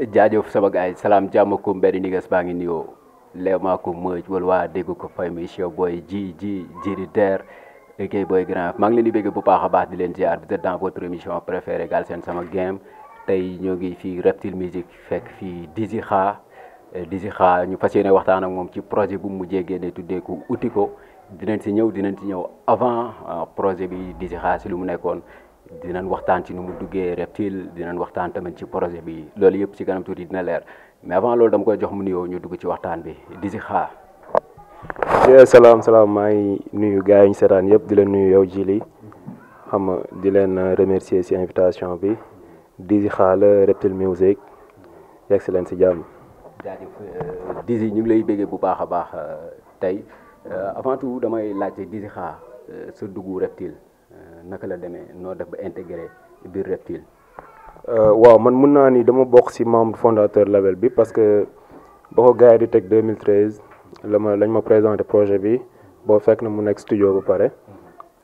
jaajëf sama gars yi salaam jàmm ku mbedd nigas baa ngi nuyoo léemaa ko mëj wala waa dégg ko fay monsieur booy ji ji jiri der ékey booy grand maa ngi leen di bégg bu paax a baax di leen ziar vous êtes dans votre émission préférée Galsen Sama Game tey ñoo ngi fii Reptile Music fekk fii Dizzy Kha euh, Dizzy Kha ñu fas yéene waxtaan ak moom ci projet bu mu jéggee ne tuddee ko uti ko dinañ si ñëw dinañ si ñëw avant euh, projet bi Dizzy xaa si lu mu nekkoon dinañ waxtaan ci nu mu duggee reptile dinañ waxtaan tamit ci projet bi loolu yëpp ci kanam tuuti dina leer mais avant loolu dama koy jox mu nuyoo ñu dugg ci waxtaan bi di si xaar. salaam salaam maa ngi nuyu gars yi ñu seetaan yëpp di leen nuyu yow Jili xam nga di leen remercier ci invitation bi di si xaar reptile music yegg si leen si jàmm. jaajëf euh, Dizzy ñu ngi lay béggee bu baax a baax euh, tey euh, avant tout damay laajte Dizzy xaa sa dugg reptile. naka la demee noo def ba intégré biir Reptile. Euh, waaw man mun naa ni dama bokk ci membre fondateur label bi parce que boo ko gars di teg 2013 la ma lañ ma présenté projet bi boo fekk na mu nekk studio ba pare.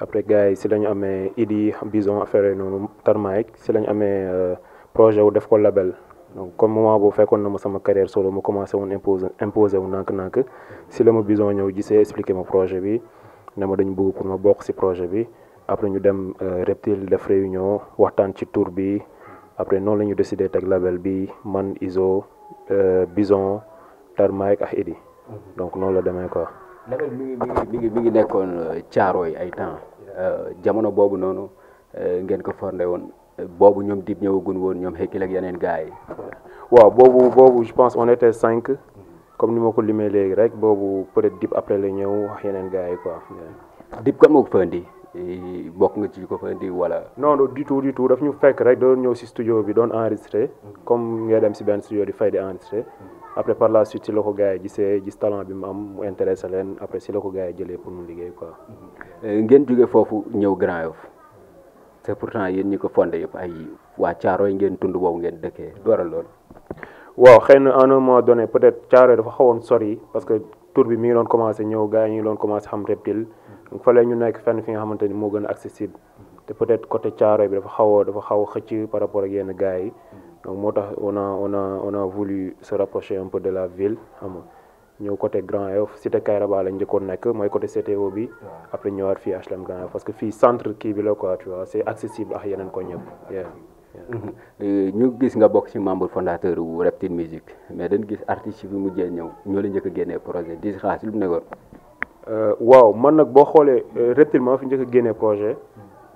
après gars yi ci la ñu amee Idi Bison affaire noonu Tarmaïk ci lañu ñu amee euh, projet wu def ko label. donc comme moment boobu fekkoon na ma sama carrière solo ma commencé woon imposé imposé wu nànk-nànk ci la ma Bison ñëw gisee expliqué ma projet bi ne ma dañu bëgg pour bokk ci projet bi. après ñu dem euh, reptile def ñëw waxtaan ci tour bi après noonu la ñu décidé teg label bi man iso euh, bison tarmaïk ak idi donc noonu la demee quoi. label mi ngi mi ngi nekkoon caaro euh, yi ay temps jamono boobu noonu ngeen ko fondé woon boobu ñoom dib ñëwagun woon ñoom xekkil ak yeneen gars yi. waaw boobu boobu je pense on était cinq comme ni ma ko limee léegi rek boobu peut-être dib après la ñëw wax yeneen gars yi quoi. dib kan moo ko fa indi bokk nga ci ko fa indi wala. non non du tout du tout daf ñu fekk rek doon ñëw si studio bi doon enregistré comme ngay dem si benn studio di fay di enregistré après par la suite si la ko gars yi gisee pour mu liggéey quoi. Euh, ngeen jóge foofu ñëw Grand Yoff te pourtant yéen ñi ko fonde yëpp ay waa Caaroy ngeen tund boobu ngeen dëkkee dooral loolu. waaw xëy na à un moment donné peut-être dafa xawoon sori parce que. tour bi mi ngi doon commencé ñëw gars yi ñu ngi doon commencé xam reptile fale ñu nekk fenn fi nga xamante ni moo gën a accessible te peut-être côté Thiaroye bi dafa xaw a dafa xaw a xëcc par rapport ak yenn gars yi moo tax on a on a on a voulu se rapprocher un peu de la ville xam nga ñëw côté Grand Yoff cité Kayraba la njëkkoon nekk mooy côté CTO bi après ñëwaat fii HLM Grand Yoff parce que fii centre kii bi la quoi tu vois c'est accessible ak Euh, ñu gis nga bokk ci membre fondateur wu Reptile Music mais dañ gis artistes yi fi mujjee ñëw ñoo la njëkk a génnee projet di si xaas lu mu euh, waaw man nag boo xoolee euh, Reptile maa fi njëkk a génnee projet.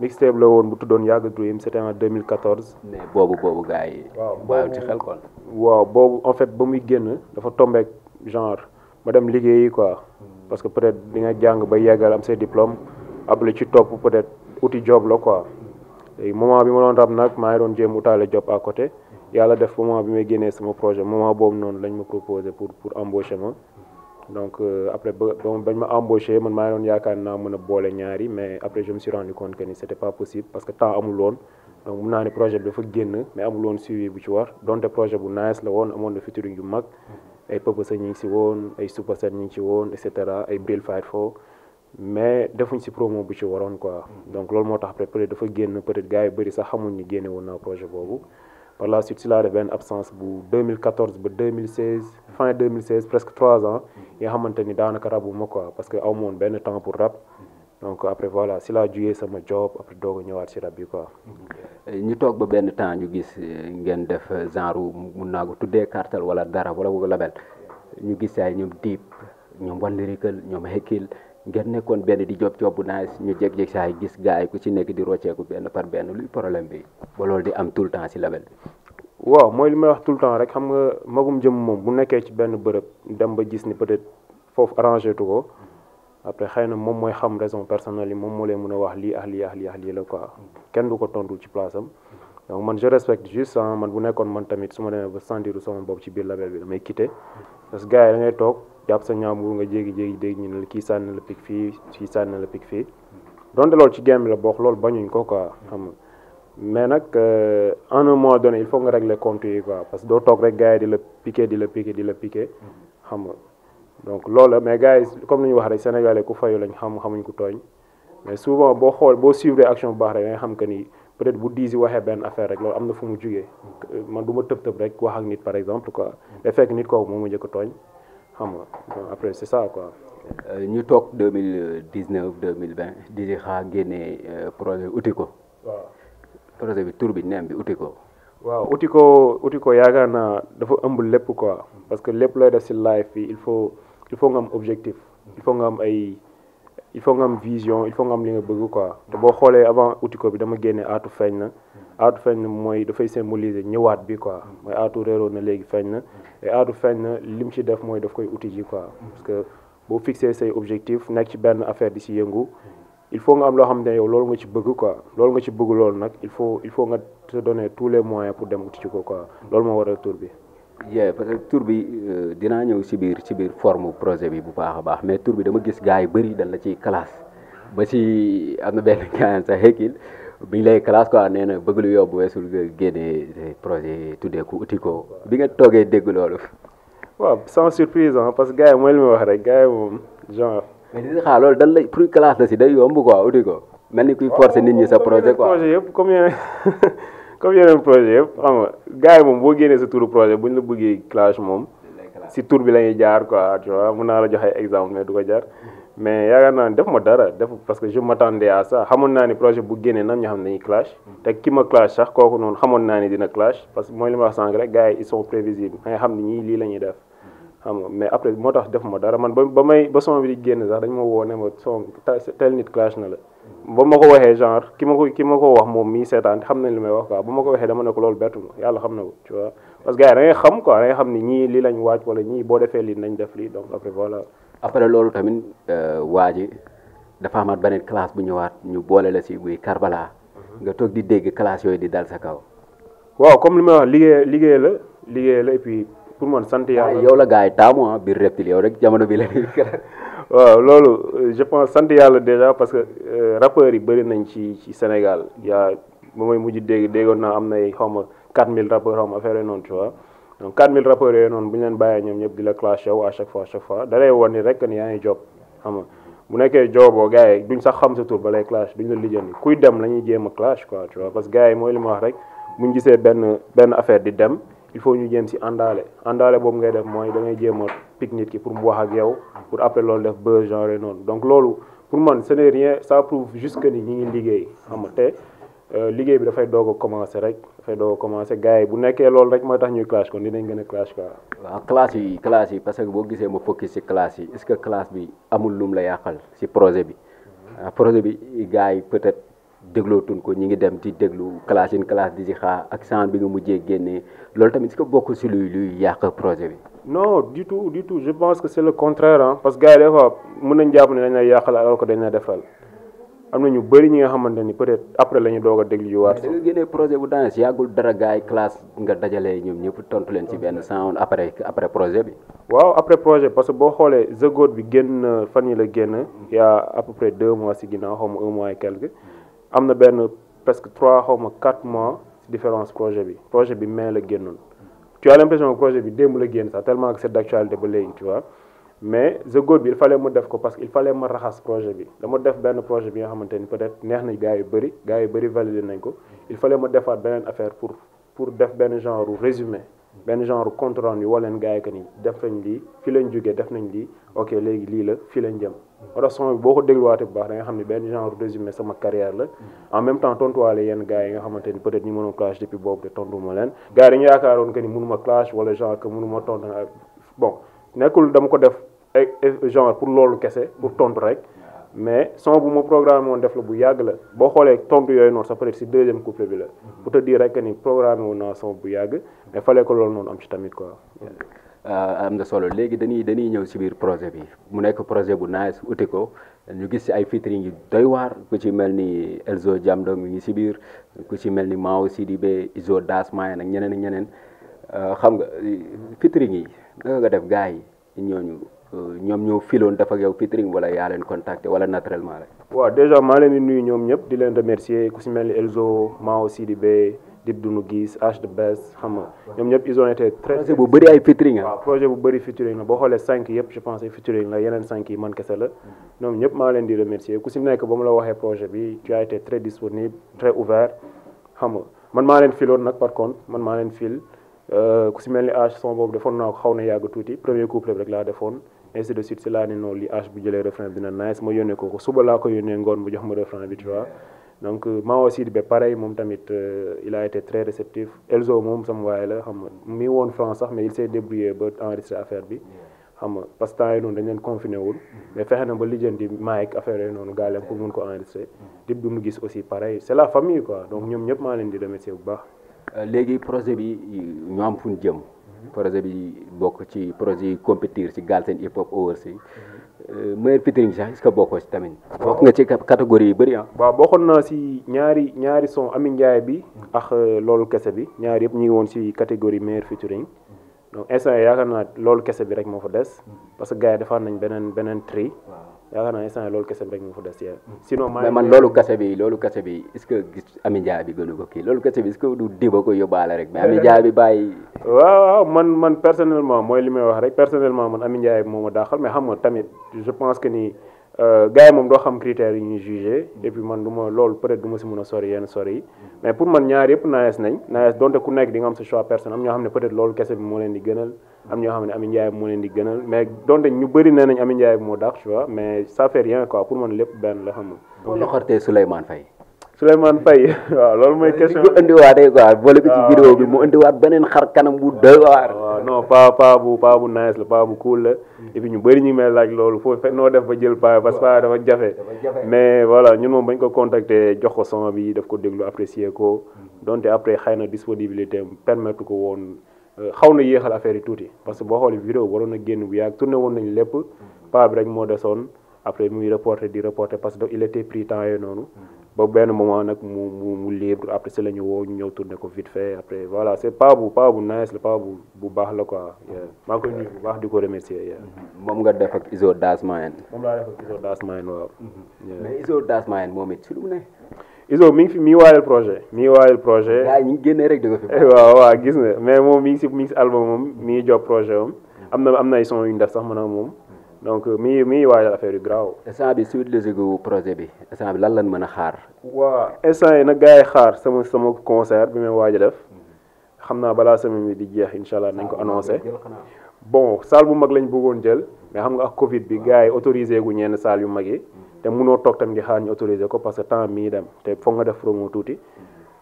mixtape la woon bu tuddoon Yàgg Dream c'était en 2014. mais boobu boobu gars yi. waaw boobu ci xel kon. waaw boobu en fait ba muy génn dafa tombeek genre ma dem liggéeyi quoi. Hmm. parce que peut-être di nga jàng ba yeggal am see say diplôme après ci topp peut-être outil job quoi. léegi moment bi ma doon rab nag maa ngi doon jéem utaale job à côté yàlla def moment bi may génnee sama projet moment boobu noonu lañ ma proposé pour pour embaucher ma donc euh, après ba bañ ma embauché man maa ngi doon yaakaar naa mën a boole ñaari mais après je me suis rendu compte que ni c' était pas possible parce que temps amul woon donc mun naa ne projet bi dafa génn mais amuloon woon suivi bu ci war donte projet bu nice la woon amoon na featuring yu mag ay Papa Sagne ñu ngi si woon ay Super ñu ngi ci woon et cetera ay Bril Fight mais defuñ si promo bu ci waroon quoi donc loolu moo tax après peut dafa génn peut-être gars yi bëri sax xamuñ ni génne woon naa projet boobu par la suite si laa def benn absence bu 2014 ba 2016 fin 2016 presque 3 ans yi nga xamante ni daanaka rabuma quoi parce que aw ma woon benn temps pour rab donc voilà si laa jugee sama job après doog a ñëwaat si rab bi quoi. ñu toog ba benn temps ñu gis eh, ngeen def genre mun naa ko tuddee cartel wala dara wala label ñu gis ay ñoom Deep ñoom Wanderickal ñoom Hekil. ngeen nekkoon benn di job job bu nice ñu jeg jeg saa gis gars yi ci nekk di rocceeku benn par benn luy problème bi ba loolu di am tout le temps si label bi. waaw mooy li may wax tout le temps rek xam nga magum jëm moom bu nekkee ci benn bërëb dem ba gis ni peut-être foofu arrangé tu ko après xëy na moom mooy xam raison personnelle yi moom moo leen mën a wax lii ah lii ah lii la quoi kenn du ko tontu ci place am. donc man je respecte juste ah, man bu nekkoon man tamit suma ma demee ba sentir sama bopp ci biir label bi damay quitté parce que gars toog. jàpp sa ñaambur nga jéegi jéegi dégg ñu ne la kii sànni la pik fii kii sànni la pik fii donte lool ci game la bokk loolu bañuñ ko quoi xam mais nag euh, à un moment donné il faut nga régler compte yi quoi parce que doo toog rek gars yi di la piqué di la piqué di la donc loolu mais gars yi comme ni ñu wax rek sénégalais ku fayu lañ xam xamuñ ku tooñ mais souvent boo xool boo suivre action bu baax rek xam que ni peut-être bu diisi waxee benn affaire loolu am na fu mu jugee man du ma tëb tëb rek wax ak nit par exemple quoi day fekk nit kooku moom xam nga donc après c'est ça quoi. Euh, ñu toog de mil dix de deux vingt di xaa génnee euh, projet Outiko. waaw projet bi tur bi neem bi Outiko. waaw Outiko Outiko yaakaar naa dafa ëmb lépp quoi parce que lépp looy def ci life bi il faut il objectif. il faut nga am ay il faut nga am vision il faut nga li nga bëgg quoi te boo xoolee avant Outiko bi dama génne aatu feeñ na. aatu feeñ na mooy dafay symboliser ñëwaat bi quoi mooy aatu réeroon na léegi feeñ na te aatu feeñ na lim ci def mooy daf koy outil ji quoi parce que boo fixé say objectif nekk ci benn affaire bi ci yëngu il faut nga am loo xam ne yow loolu nga ci bëgg quoi loolu nga ci bëgg loolu nag il faut il faut nga te donner tous les moyens pour dem uti ci ko quoi loolu moo waral tur bi. yee parce que tur bi euh, dinaa ñëw si biir ci biir forme projet bi bu baax a baax mais tur bi dama gis gars yi bëri dañ la ciy classe ba si am bi ñu lay classe quoi nee na bëgg lu yóbbu weesul génne projet tuddee ko uti ko bi nga toogee dégg loolu. waaw sans surprise ah parce que gars yi mooy li ma wax rek gars yi moom genre. mais li dan lay pour classe si day yomb quoi ko. mel ni kuy forcer nit ñi sa projet quoi yëpp comme yeneen comme yeneen projet yëpp xam nga gars yi moom boo génnee sa turu projet bu ñu la bëggee clash moom. si tur bi la ñuy jaar quoi tu vois mën naa la joxe exemple mais du ko jaar. Mm-hmm. mais yaakaar naa ne ma dara def parce que je m'attendais à ça xamoon naa ni projet bu génnee nam ñu xam ne dañuy clash te ki ma clash sax kooku noonu xamoon naa ni dina clash parce que mooy li ma wax sànq rek gars yi ils sont prévisibles da nga xam ne ñii moo tax def ma dara man ba ba may ba son bi di génn sax dañ ma woo ne ma tel nit clash na la ba ma ko waxee genre ki ma ko ko wax moom mii seetaan xam nañ li may ma ko ma yàlla xam na ko tu vois parce que gars yi da xam quoi da lii lañ waaj wala ñi boo defee lii nañ def lii donc après voilà après loolu tamit euh, waa ji dafa amaat beneen classe bu ñëwaat ñu boole la si buy Karbala mhm. nga toog di dégg classe yooyu di dal sa kaw. waaw comme li ma wax liggéey liggéey la liggéey la et pour man sant ah, yàlla. yow la gars yi taamu ah biir reptile rek jamono bi loolu euh, je pense sant yàlla déjà parce que euh, rappeurs yi bëri nañ ci ci Sénégal yaa ba may mujj dégg déggoon naa am na xaw ma 4000 rappeurs xaw ma affaire noonu tu donc 4000 rapports yooyu noonu bu ñu leen bàyyee ñoom ñëpp di la clash yow à chaque fois chaque fois da wan ni rek ni yaa ngi job xam nga bu nekkee jooboo gars yi duñ sax xam sa tur ba lay clash duñ la lijjanti kuy dem la ñuy jéem a clash quoi tu vois parce que gars yi mooy li ma wax rek buñ gisee benn affaire di dem il faut ñu jéem si àndaale àndaale boobu ngay def mooy da ngay jéem a pique pour mu wax ak yow pour après loolu def buzz genre noonu donc loolu pour man ce n'est rien ça ni ñi ngi liggéey xam nga te Euh, liggéey bi dafay doog a commencé rek dafay doog gars yi bu nekkee loolu rek mooy tax ñuy clash kon dinañ gën a clash quoi. waaw classe yi classe yi parce que boo gisee ma focus ci classe yi est-ce que classe bi amul lum la yàqal ci projet bi mm-hmm. ah, projet bi gars yi peut-être déglootuñ ko ñi ngi dem di déglu classe in classe di ci xaar ak sant bi nga mujjee génnee loolu tamit est-ce que bokkul ci luy luy yàq projet bi. non du tout du tout je pense que c'est le contraire ah parce que gars yi des fois nañ jàpp ne dañ lay yàqal alors que dañ la defal. am na ñu bëri ñi nga xamante ni peut-être après la ñu doog a déglu waat. da nga génnee projet bu daan yàggul dara gars yi classe nga dajalee ñoom ñëpp tontu leen ci benn sans après après projet bi. waaw après projet parce que boo xoolee The Goat bi génn fan yi la génn y a à deux mois si ginnaaw xaw ma un mois et quelque am na benn presque trois xaw ma quatre mois différence projet bi projet bi mai la génnoon. tu as projet bi démb la génn sax tellement que c'est d'actualité ba léegi tu vois. mais the goal bi il fallait def ko parce que il fallait ma raxas projet bi dama def benn projet bi nga xamante ni peut-être neex na gars yu bëri gars yi bëri validé nañ ko il fallait ma defaat beneen affaire pour pour def benn genre résumé benn genre compte rendu woo leen gars yi que ni def nañ lii fi lañ jógee def nañ lii ok léegi lii la fi lañ jëm. wala son boo ko dégluwaatee bu baax nga xam ne benn genre résumé sama carrière la mm. en même temps tontuwaale yenn gars yi nga xamante ni peut-être ñu mënoon clash depuis boobu te tontu ma leen. gars yi dañu yaakaaroon que ni mënuma clash wala genre que mënuma tontu bon nekkul dama ko def. genre pour loolu kese pour mm-hmm. tontu rek mais son bu mu programme woon def la bu yàgg la boo xoolee tontu yooyu noonu sa peut si deuxième couplet bi la mm-hmm. pour te dire rek ni programme woon naa son bu yàgg mais fallait que loolu noonu am ci tamit quoi euh, am na solo léegi dañuy dañuy ñëw si biir projet bi mu nekk projet bu nice uti ko ñu gis si ay featuring yu doy waar ku ci mel ni Elzo Jamdong mi ngi si biir ku ci mel ni Mao Sidibé Izo Dasmaya nag ñeneen ak ñeneen euh, xam nga featuring yi def gars yi ñooñu euh, ñoom ñëw filoon dafa ak yow featuring wala yaa leen contacté wala naturellement rek. waaw déjà maa leen di ñoom ñëpp di leen remercier ku si mel ni Elzo Mao Sidibé di dunu gis H de Best xam nga ñoom ñëpp ils ont très. bu bëri ay featuring ah? projet bu bari featuring la boo xoolee cinq yëpp je pense ay featuring la yeneen cinq yi man kese la ñoom ñëpp maa leen di remercier ku si nekk ba mu la waxee projet bi tu as été très disponible très ouvert xam nga man maa leen filoon nag par contre man maa leen fil. Euh, ku si mel ni âge son boobu defoon naa ko xaw na yàgg tuuti premier couplet rek laa defoon ainsi de suite si laa ne noonu li âge bu jëlee refrain bi dina nice ma yónnee ko suba laa ko yónnee ngoon mu jox ma refrain bi donc euh, Mao Sidibé pareil moom tamit euh, il a été très réceptif Elzo moom sama waaye la xam nga mi woon France sax mais il affaire bi xam nga parce que temps noonu dañ leen confiné wul mais fexe na ba lijjanti maayek affaire yooyu noonu gaaleem pour mun ko enregistré dib du mu gis aussi pareil c'est la famille quoi donc ñoom ñëpp maa leen di Euh, léegi projet bi ñu am fu ñu jëm. projet bi bokk ci projet yi compétir ci Galsen Hip Hop Awards yi euh, meilleur featuring sax est-ce que bokkoo ci tamit. bokk nga ci catégorie yu bëri ah. waaw bokkoon naa si ñaari ñaari son Ami Ndiaye bi. ak euh, loolu kese bi ñaari yëpp ñu woon si catégorie maire featuring. donc instant yaakaar naa loolu kese bi rek moo fa des. parce que gars yi nañ beneen beneen tri. yaakaar naa instant loolu kese rek moo fa des sinon mais man loolu kese bi loolu kese bi est ce que loolu kese bi est ce que du diba ko yóbbaale rek mais Ami eh, Ndiaye bi bàyyi waaw man man personnellement mooy li may wax rek personnellement man Ami Ndiaye bi daaxal mais xam nga tamit je pense que nii euh, gars moom doo xam critères yi ñuy jugé et man du loolu peut être du si mën a sori yenn sori mais pour man ñaar yëpp naes nañ naes donte ku nekk di am sa choix personnel am ñoo xam ne peut être loolu kese am ñoo xam ne Amy Ndiaye moo leen di gënal mais donte ñu bëri nee nañ Amy Ndiaye moo dàq tu vois mais ça fait rien quoi pour man lépp benn la xam nga. boo loxoortee Souleymane Faye. Souleymane Faye waaw loolu mooy. question bi bu indiwaatee quoi ah, boole bi mu indiwaat beneen xar kanam bu doy waar. Ah, waaw non pas pas bu pas bu nice la pas bu cool la. et ñu bëri ñu ngi may laaj loolu foofu fekk noo def ba jël paa parce que paa dafa jafe. mais voilà ñun moom bañ ko contacter jox ko son bi daf ko déglu apprécier ko mm-hmm. donte après xëy na disponibilité am permettre ko woon. xaw na yéexal affaire yi tuuti parce que boo xoolee vidéo waroon na génn bu yàgg tourné woon nañ lépp paa rek moo desoon après muy reporté di reporté parce que il était pris temps yooyu noonu ba benn moment nag mu mu mu libre après si la ñu woo ñu ñëw tourné ko vite fait après voilà c' est pas bu nice la pas bu bu baax la quoi maa koy nuyu bu baax di ko remercier moom nga def ak Izo Dasmayen moom laa def ak Izo waaw mm-hmm. Izo mi ngi fi mi waayal projet mi waayal projet. yaa ngi génnee waaw waaw gis nga mais moom mi ngi si mi ngi si album moom mi ngi job projet am. am na am na ay son yu ñu def sax man ak moom. donc mi mi ngi waajal affaire yu garaaw. instant bi suite logique gu projet bi instant lan lan mën a xaar. waaw instant yi nag yi xaar sama sama concert bi may waaj a def. xam naa balaa semaine bi di jeex incha allah nañ ko annoncé. bon salle bu mag lañ bëggoon jël. mais xam nga ak Covid bi gars yi autorisé gu ñenn salle yu mag yi. te mënoo toog tam di xaar ñu autorisé ko parce que temps mii dem te foog nga def promo tuuti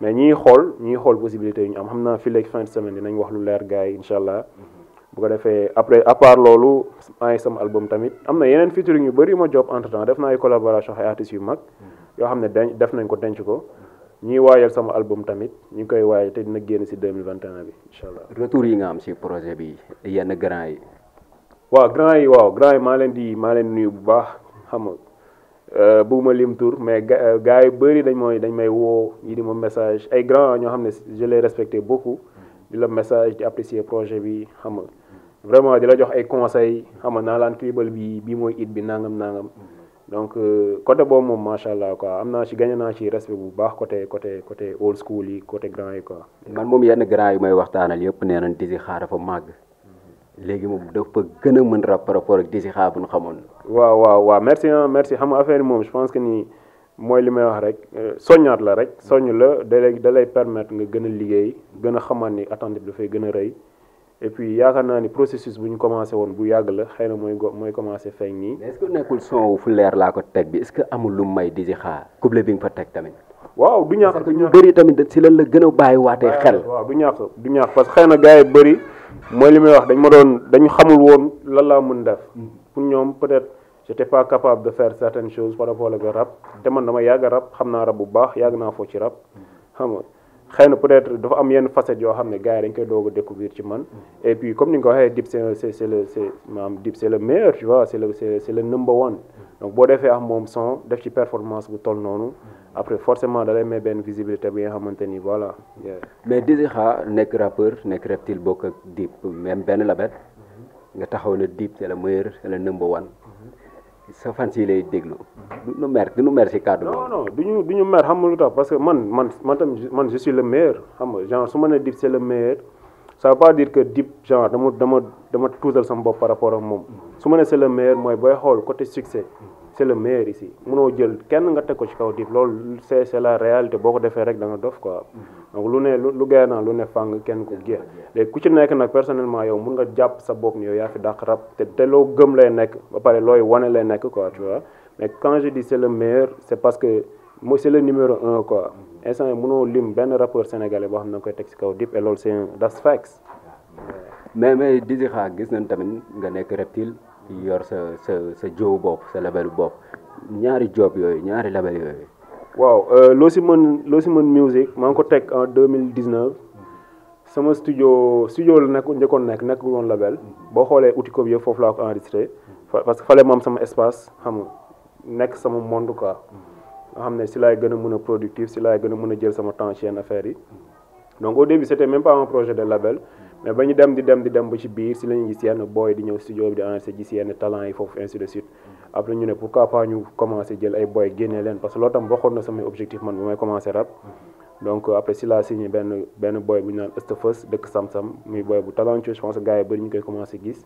mais ñiy xool ñiy xool possibilité yu ñu am xam naa fii léegi fin semaine dinañ wax lu leer gars yi incha allah mm-hmm. bu ko defee après à loolu maa sama album tamit am na yeneen featuring yu bëri ma job entre temps def naa ay collaboration ay artistes yu mm-hmm. xam ne denc def nañ ko denc ko ñuy waayal sama album tamit ñu ngi koy waayal te dina génn si 2021 bi incha allah. retour yi nga am si projet bi yenn grand yi. waaw grand yi waaw grand yi maa leen bu baax xam nga Euh, bëgguma lim tur mais euh, gars yu bëri dañ mooy dañ may woo yi di ma message ay grand ñoo xam ne je respecte booku beaucoup di la message di apprécier projet bi xam nga vraiment di la jox ay conseil xam naa laan clibal bi bii mooy it bi nangam nangam donc euh, côté boobu moom macha allah quoi am naa ci gagné naa ci respect bu baax côté côté côté old school yi côté grand yi quoi. man moom yenn grand yi may waxtaanal yëpp nee nañ Dizzy Kha dafa màgg léegi moom dafa gën a mën rap par rapport ak Dizzy Kha waaw waaw waaw merci ah merci xam affaire moom je pense que nii mooy li may wax rek euh, soñaat la rek soññ la dalay dalay permettre nga gën a liggéey gën a xamaat ni attente bi dafay gën a rëy et puis yaakaar naa ni processus bu ñu commencé woon bu yàgg la xëy na mooy mooy commencé feeñ nii. est nekkul son fu leer laa ko teg bi est que amul lu may di si xaar couple bi nga fa teg tamit. waaw du ñàkk du ñàkk bëri tamit si lan la gën a bàyyi waatee xel. waaw du ñàkk du ñàkk parce que xëy na gars bëri mooy li may wax dañ ma doon dañu xamul woon lan laa mën def mm-hmm. pour ñoom peut-être. j'étais pas capable de faire certaines choses par rapport ak rap demoon na ma yàgg rap xam naa rap bu baax yàgg naa foo ci rap xam nga xëy na peut-être dafa am yenn facettes yoo xam ne gars yi dañ koy doog a découvrir ko waxee Dip c'est c'est le c'est maanaam moom son def ci performance bu toll noonu après forcément da lay may benn visibilité bi nga xamante ni voilà. mais Dizikha nekk rappeur nekk Reptyle bokk ak Dip même benn label nga taxaw ne Dip c'est le meilleur le number one. sa fan si lay déglu. du ñu mer du ñu mer si kàddu non du ñu du ñu mer xam nga lu tax parce que man man man man je suis le meilleur xam nga genre su ma nee Dip c'est le meilleur ça veut pas dire que Dip genre dama dama dama tuutal sama bopp par rapport ak moom su ma nee c'est le meilleur mooy booy xool côté succès. c'est le i ici munoo jël kenn nga teg ko ci kaw diib loolu c'est c'est la réalité boo ko defee rek da nga dof quoi mm-hmm. donc lu ne lu gay lu ne fàng kenn ko ku ci nekk nag personnellement yow mun nga jàpp sa bopp ni yow yaa fi dàq rab loo gëm lay nekk ba pare looy wane lay nekk quoi mais quand je dis le meilleur c'est parce que mooy le numéro un quoi mm-hmm. instant yi munoo lim benn rappeur sénégalais boo xam koy teg ci kaw diib et loolu c'est mais mais Dizzy gis nañ tamit nga nekk reptile yor sa sa sa jiw bopp sa labelu bopp ñaari job yooyu ñaari label yooyu. waaw euh, loo si mën loo si mën musique maa ngi ko teg en deux mille dix neuf sama studio studio la nekk njëkkoon nekk nekk woon label boo xoolee outil ko yëpp foofu laa ko enregistré parce que fale moom sama espace xam nga nekk sama monde quoi nga xam ne si laay gën a mën a productif si laay gën a mën a jël sama temps ci yenn yi donc au début c'était même pas un projet de label. mais ba ñu dem di dem di dem ba ci biir si la ñu gis yenn booy di ñëw studio bi di enregistré gis yenn talent yi foofu ainsi de suite après ñu ne pourquoi pas ñu commencé jël ay booy génnee leen parce que loolu tam bokkoon na samay objectif man bu may commencé rap donc euh, après si laa signé benn benn booy bu ñu naan Estefas dëkk Sam Sam muy booy bu talentueux je pense que gars yi ñu koy commencé gis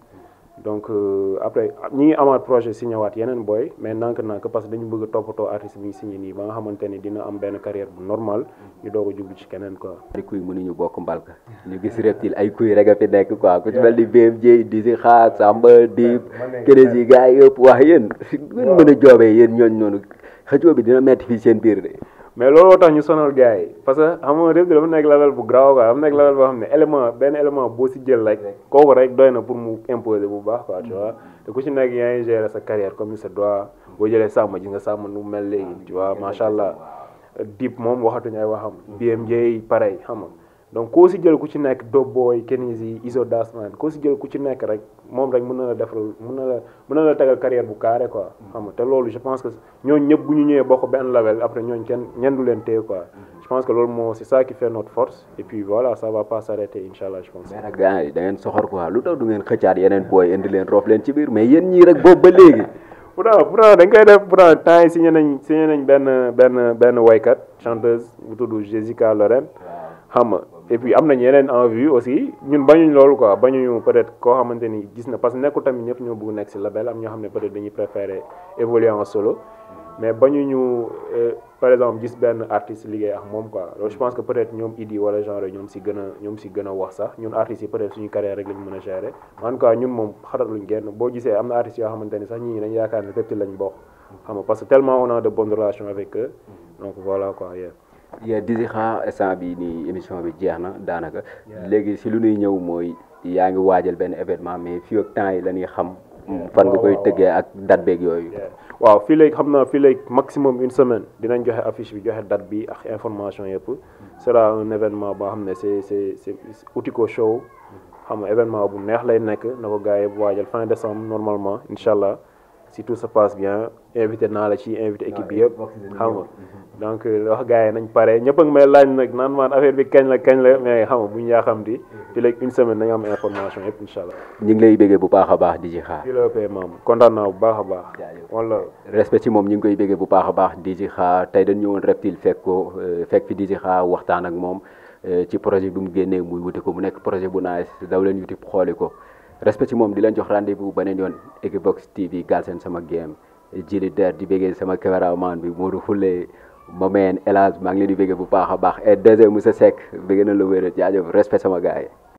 donc euh, après ñi ngi amaat projet signé waat yeneen booy mais nank-nank parce que dañu bëgg a toppatoo artiste bi ñu signé nii ba nga xamante ni dina am benn carrière bu normal ñu doog a jublu ci keneen quoi. ay kuy mënuñu bokk mbalka ñu gis reptile ay kuy rek a fi nekk quoi ku ci mel ni BMJ di si xaar Samba Dip Kérés yi gars yi yëpp wax yéen fi mën a joobee yéen ñooñ noonu xëccoo bi dina metti fii seen biir de mais looloo tax ñu sonal gars yi parce que xam nga rëbb dafa nekk level bu grave quoi dafa nekk level boo xam ne élément benn élément boo si jël rek kooku rek doy na pour mu imposer bu baax quoi tu mm-hmm. vois te ku si nekk yaa ngi sa carrière comme il se doit boo jëlee sàmm ji nga sàmm nu mel léegi tu vois ah, allah Dip moom waxatuñ ay waxam BMJ pareil xam nga donc koo si jël ku ci nekk Doboy ku ci nekk rek moom rek mën na la defaral mën na la tegal carrière bu carré quoi. Mm-hmm. xam te loolu je pense que ñooñu ñëpp bu ñu ñëwee bokk benn level après ñooñu kenn ñenn du leen téye quoi. Mm-hmm. je pense que loolu moo c'est ça qui fait notre force et puis voilà ça va pas s'arrêter incha je pense. mais nag gars yi da ngeen lu tax du ngeen xëccaat yeneen booy indi leen roof leen ci biir mais yéen ñii rek boobu ba léegi. pourtant pourtant dañ temps yi benn benn benn waykat xam nga et puis am nañ yeneen en vue aussi ñun bañuñ loolu quoi bañuñu peut-être koo xamante ni gis na parce que nekkul tamit ñëpp ñoo bëgg nekk ci label am ñoo xam ne peut-être dañuy préférer évoluer en solo mais bañuñu euh, par exemple gis benn artiste liggéey ak moom quoi loolu je pense que peut-être ñoom Idi wala genre ñoom ci gën a ñoom ci gën a wax sax ñun artistes yi peut-être suñu carrière rek lañ mën a gérer en tout cas ñun moom xaral luñ génn boo gisee am na artistes yoo xamante ni sax ñii dañu yaakaar ne fépp ci lañ bokk xam nga parce que tellement on a de bonnes relations avec eux donc voilà quoi yeah. ye disi xaa instant bi nii émission bi jeex na daanaka léegi si lu ñuy ñëw mooy yaa ngi waajal benn événement mais fii ak temps yi la ñuy xam fan nga koy tëggee ak date beeg yooyu waaw fii léegi xam naa fii léegi maximum une semaine dinañ joxe affiche bi joxe date bi ak information yëpp hmm. sera un événement boo xam ne c'est c'est c'est ko show hmm. xam nga événement bu neex lay nekk na ko gaa yi waajal fin décembre normalement incha allah si tout se passe bien invité naa la ci invité équipe bi yëpp xam nga donc euh, wax gars yi nañ pare ñëpp a ngi may laaj nag naan maan affaire bi kañ la kañ la mais xam nga bu ñu yaa xam di fi léegi une semaine nañu yëpp incha allah ñu ngi lay béggee bu baax a baax di ci xaar di la pay bu baax a baax wala respect ci moom ñu ngi koy béggee bu baax a baax di ci xaar tey dañ ñëwoon reptile fekk ko euh, fekk fi di ci xaar waxtaan ak moom euh, ci projet bi mu génnee muy wuti ko mu nekk projet bu naa naaj daw leen yuti xooli ko respect ci moom di leen jox rendez-vous beneen yoon Equivox TV Galsen sama game jili der di béggee sama maan bi Modou Foulé ma meen El Hadj maa ngi leen di béggee bu baax a baax et deuxième monsieur Seck bégg na lu wér jaajëf respect sama gars yi